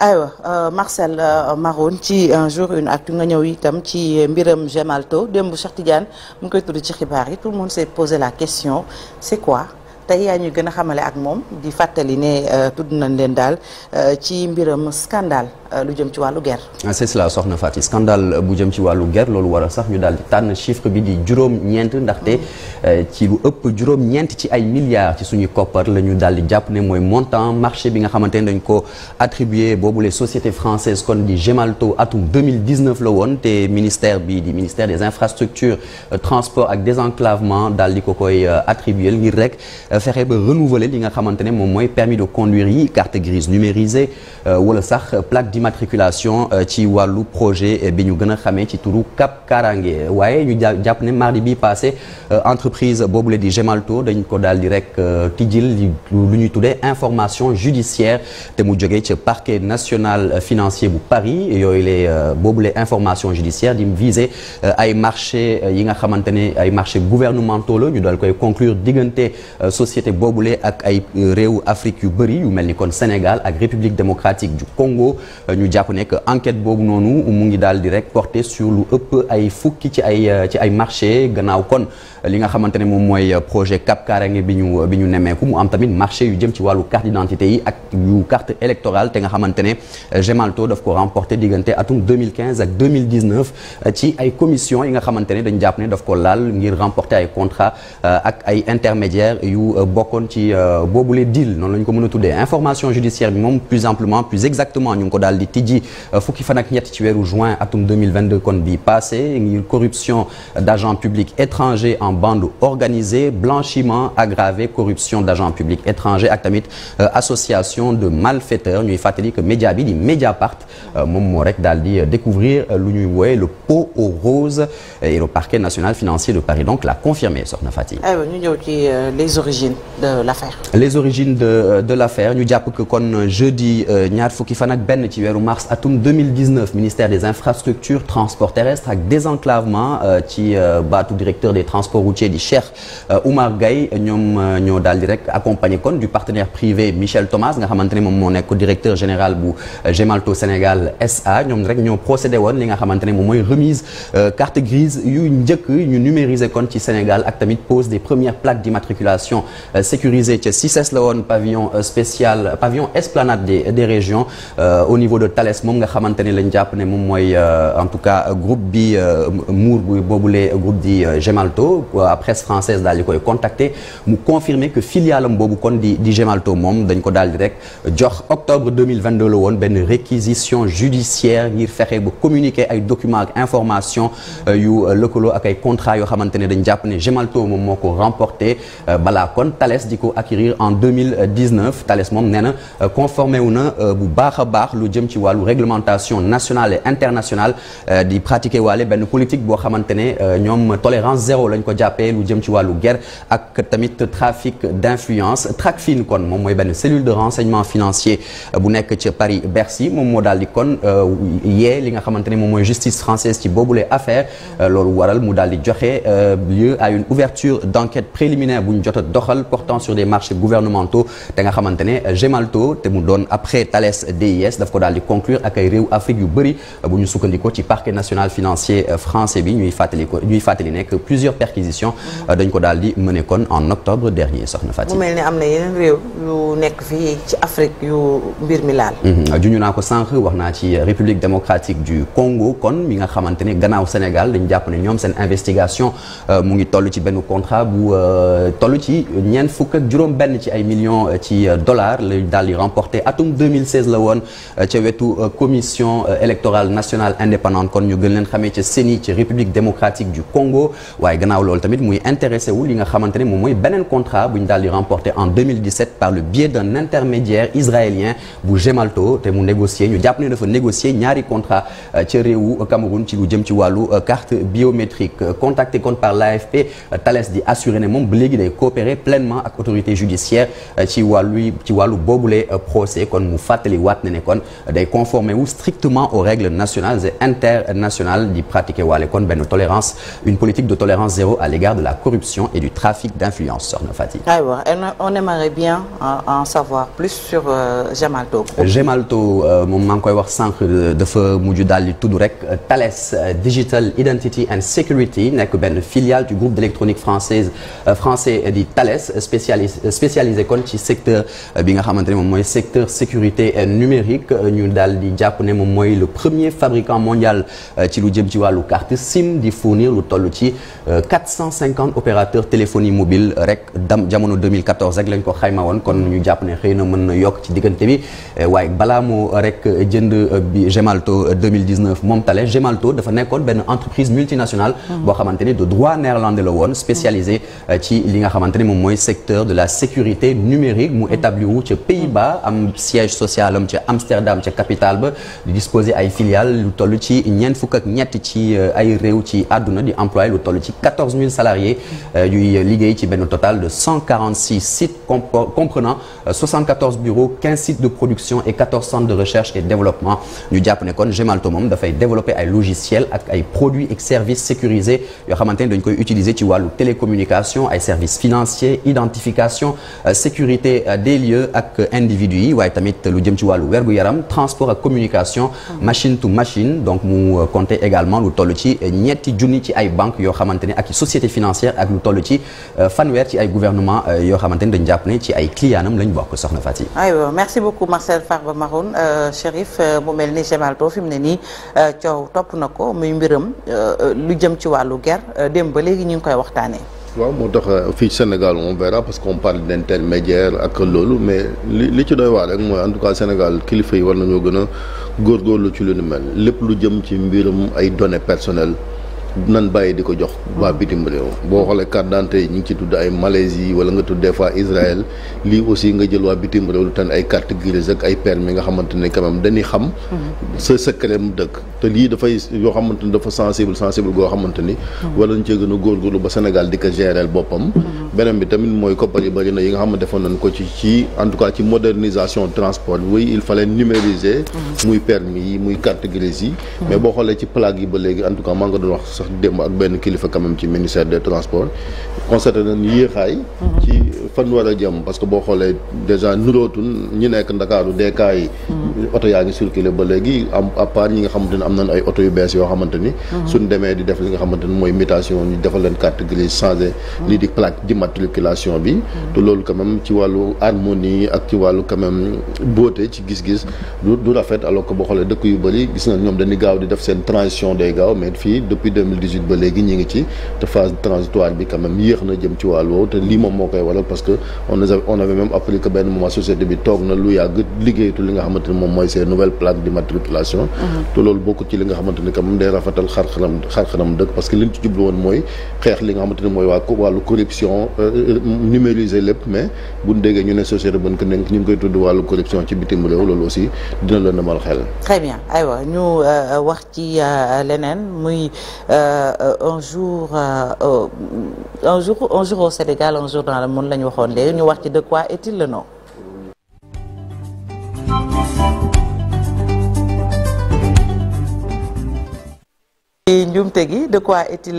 aywa euh, Marcel euh, Maroon ci un jour une actu nga ñëw itam ci mbiram Gemalto démb Cheikh Tidiane mu ngi koy tudd ci xibaar yi tout le monde s'est posé la question c'est quoi tey yaa ñuy gën a xamale ak moom di fàttali ne euh, tudd nañ leen daal euh, ci mbiram scandale euh, lu jëm ci wàllu guerre. Ah, c'est cela soxna Fati scandale bu jëm ci wàllu guerre loolu waral sax ñu daal di tànn chiffre bi di juróom-ñeent ndaxte mm. ci lu ëpp juróom-ñeent ci ay milliards ci suñuy koppar la ñu daal di jàpp ne mooy montant marché bi nga xamante ne dañ ko attribué boobu les sociétés françaises kon di Gemalto atum 2019 la woon te ministère bi di ministère des infrastructures transport ak désenclavement daal di ko koy attribué ngir rek. fexe ba renouveler li nga xamante ne moom mooy permis de conduire yi carte grise numérisée euh, wala sax plaque d'immatriculation euh, ci wàllu projet euh, bi ñu gën a xamee ci turu Cap Karange waaye ñu jàpp ne mardi bi passé entreprise boobule di Gemalto dañ ko daal di rek tijjil lu ñuy tuddee information judiciaire te mu jógee ca parquet national financier bu Paris yooyu les boobule information judiciaire di viser ay marché yi nga xamante ne ay marché gouvernementaux ñu daal koy conclure diggante société boobulee ak ay euh, réewu Afrique yu bëri yu mel ni kon Sénégal ak République démocratique du Congo euh, ñu jàpp ne que enquête boobu noonu mu ngi daal di rek porter sur lu ëpp ay fukki ci ay euh, ci ay marché gannaaw kon li nga xamante ne moom mooy projet Cap Karange bi ñu bi ñu nemmeeku mu am tamit marché yu jëm ci wàllu carte d'identité yi ak yu carte électorale te nga xamante ne Gemalto daf ko remporté diggante atum 2015 ak 2019 ci ay commission yi nga xamante ne dañ jàpp ne daf ko laal ngir remporter ay contrat ak ay Euh, bokkoon ci euh, boobule deal noonu la ñu ko mën a tuddee information judiciaire bi moom plus amplement plus exactement ñu ngi ko daal di tijji euh, fukki fan ak juin atum 2022 kon bi corruption d'agents publics étrangers en bande organisée blanchiment aggravé corruption d'agents publics étrangers ak tamit association de malfaiteurs ñuy fàttali que média bi di Mediapart moom moo rek daal di découvrir lu ñuy woowe le pot aux roses et le parquet national financier de Paris donc l'a confirmé Soxna Fatick. Ah origines de l'affaire les origines de euh, de l'affaire ñu jàpp que kon euh, jeudi euh, ñaar fukki fan ak benn ci weeru mars atum 2019 ministère des infrastructures transport terrestre ak désenclavement ci baatu directeur des transports routiers di Cheikh Oumar gay ñoom ñoo daal di rek accompagné kon du partenaire privé Michel Thomas nga xamante ne moom moo nekk directeur général bu Gemalto Sénégal SA ñoom rek ñoo procédé woon li nga xamante ne moom mooy remise carte grise yu njëkk ñu numériser kon ci Sénégal ak tamit pose des premières plaques d'immatriculation Euh, sécurisé ca CICES la woon pavillon euh, spécial euh, pavillon esplanade des des régions au niveau de Thales moom nga xamante ni lañ jàpp ne moom mooy en tout cas groupe bi muur bu boobulee groupe di Gemalto la presse française daal di koy contacter mu confirmer que filiale am boobu kon di di Gemalto moom dañ ko daal di rek jox octobre 2022 la woon benn réquisition judiciaire ngir fexe ba communiquer ay documents ak information yu lëkkaloo ak ay contrats yoo xamante ne dañ jàpp ne Gemalto moom moo ko remporté balaa kon Thales di ko acquérir en 2019 Thales moom nee na euh, conformé wu na euh, bu baax a baax lu jëm ci wàllu réglementation nationale et internationale euh, di pratiquer waale benn politique boo xamante ne ñoom tolérance zéro lañ ko jàppee lu jëm ci wàllu guerre ak tamit trafic d'influence Tracfin kon moom mooy benn cellule de renseignement financier bu nekk ca Paris Bercy moom moo daal di kon yee li nga xamante ne moom mooy justice française ci boobule affaire loolu waral mu daal di joxe lieu à une ouverture bu ñu jot dox doxal portant sur des marchés gouvernementaux te nga xamante ne Gemalto te mu doon après Thales DIS daf ko daal di conclure ak ay réew Afrique yu bëri bu ñu sukkandikoo ci parquet national financier euh, français bi ñuy fàttali ko ñuy fàttali nekk plusieurs perquisitions euh, dañ ko daal di mené kon en octobre dernier soxna Fatick. mu mel ne am na yeneen réew yu nekk fii ci Afrique yu mbir mi laal. Mhm. Euh, juñu naa ko sànq wax naa ci République démocratique du Congo kon mi nga xamante ne gannaaw Sénégal dañ jàpp ñoom seen investigation mu ngi toll ci benn contrat bu toll ci. ñeent fukk ak juróom benn ci ay millions euh, ci euh, dollars la daal di remporté atum 2016 la woon euh, ca wetu commission électorale national indépendante kon ñu gën leen xamee ca CENI ci république démocratique du Congo waaye gannaaw loolu tamit muy intéressé wu li nga xamante ne moom mooy beneen contrat bu ñu daal di remporté en 2017 par le biais d'un intermédiaire israélien bu Gemalto te mu négocié ñu jàpp ne dafa négocié ñaari contrat ca réewu Cameroun ci lu jëm ci wàllu carte biométrique contacté kon par l'AFP Thales di ne moom ba léegi day coopérer pleinement ak autorité judiciaire euh, ci wàllu ci wàllu boobule euh, procès kon mu fàttali euh, wu strictement aux règles nationales et internationales di pratiquer waale kon benn tolérance une politique de tolérance zéro à l'égard de la corruption et du trafic d'influence soxna Fatick. aywa on aimerait bien en savoir plus sur Jamal Togo. Jamal Togo moom maa ngi koy wax sànq dafa mujj daal di tudd rek Thales Digital Identity and Security nekk benn filiale du groupe d'électronique CNRS spécialis spécialisé kon ci secteur euh, bi nga xamante ne moom mooy secteur sécurité euh, numérique euh, ñu daal di jàpp ne moom mooy le premier fabricant mondial ci lu jëm ci wàllu carte SIM di fournir lu toll ci 450 opérateurs téléphonie mobile rek dam jamono 2014 rek lañ ko xayma woon kon ñu jàpp ne xëy na mën na yokk ci diggante bi waaye balaa moo rek jënd bi Gemalto 2019 moom tale Gemalto dafa nekkoon benn entreprise multinationale hmm. boo xamante ne de droit néerlandais la woon mooy secteur de la sécurité numérique mu établi wu ca Pays-Bas am ba di disposer ay filiales lu toll ci ñeent fukk ak ñett ci euh, ay réew ci àdduna di employé lu toll ci 14 000 salariés euh, yuy liggéey ci benn total de 146 sites comprenant 74 euh, bureaux 15 sites de production et 14 centres de recherche et développement ñu jàpp ne kon Gemalto moom dafay développer ay logiciels ak ay produits et services sécurisés yoo xamante ne dañ koy utiliser ci wàllu télécommunication ay identification euh, sécurité euh, des lieux ak euh, individus yi waaye tamit lu jëm ci wàllu wergu yaram transport ak communication mhm. machine to machine donc mu compter également lu toll ci ñetti junni ci ay banques yoo xamante ne ak société financière ak lu toll ci fanweer ci ay gouvernement yoo xamante ne dañ jàpp ne ci ay clientam lañu bokk soxna Fati aywa merci beaucoup Marcel Farba Maroun Chérif mu mel ni Gemalto fi mu ne nii coow topp na ko muy mbiram lu jëm ci wàllu ger démb ba léegi ñu ngi koy waxtaanee waaw moo tax euh, fii Sénégal on verra parce qu'on parle d'intermédiaire ak loolu mais li li ci doy waar rek mooy en tout cas Sénégal kilifa yi war nañoo gën a lu ci lu ni mel lépp lu jëm ci mbirum ay données personnelles nan bàyyi di ko jox waa mm-hmm. bitim réew boo xoolee carte d'identité yi ñu ngi ci tudd ay Malaisie wala nga tudd des fois Israël lii aussi nga jël waa bitim réew lu tan ay carte grise ak ay permis nga xamante ne quand même dañuy xam mm-hmm. sa secret mu dëkk te lii dafay yoo xamante ni dafa sensible sensible goo xamante ni mm-hmm. wala ñu cee gën a góorgóorlu ba Sénégal di ko gérer boppam beneen bi tamit mooy koppar yi bëri na yi nga xam ne defoon nañ ko ci ci en tout cas ci modernisation transport bi oui il fallait numériser muy permis yi muy carte grise yi mais boo xoolee ci plaque yi ba léegi en tout cas maa nga doon wax sax démb ak benn kilifa quand même ci ministère des transports constaté nañ yéexaay ci fan a jëm parce boo xoolee déjà nurootul ñi nekk ndakaaru deekaa yi oto yaa ngi circulé ba léegi am à ñi nga xamante ne am nañ ay oto yu bees yoo xamante mhm. suñ demee di def li nga xamante mooy mutation ñu leen carte grise changé mhm. lii di plaque d'immatriculation bi mhm. te loolu quand ci wàllu harmonie ak ci wàllu quand même ci gis-gis du rafet alors boo xoolee dëkk yu bëri gis na ñoom dañuy gaaw di def seen transition day gaaw mais fii depuis ba léegi ñi ngi ci phase transitoire bi quand yéex na jëm ci wàllu moom mooy ces nouvelles plaques d'immatriculation mhm. te loolu bokk ci li nga xamante ni quand même day rafetal xarxanam xarxanam dëkk parce que liñ ci jublu woon mooy xeex li nga xamante ni mooy waa wàllu corruption euh, euh, numériser lépp mais buñ déggee ñu ne société bën ko nekk ñu ngi koy tudd wàllu corruption ci bitim réew loolu aussi dina leen demal xel très bien aywa ñu euh, wax ci leneen muy un jour un jour un jour au Sénégal un jour dans le monde la ñu waxoon léegi ñu wax ci de quoi est-il le njuumte gi de quoi est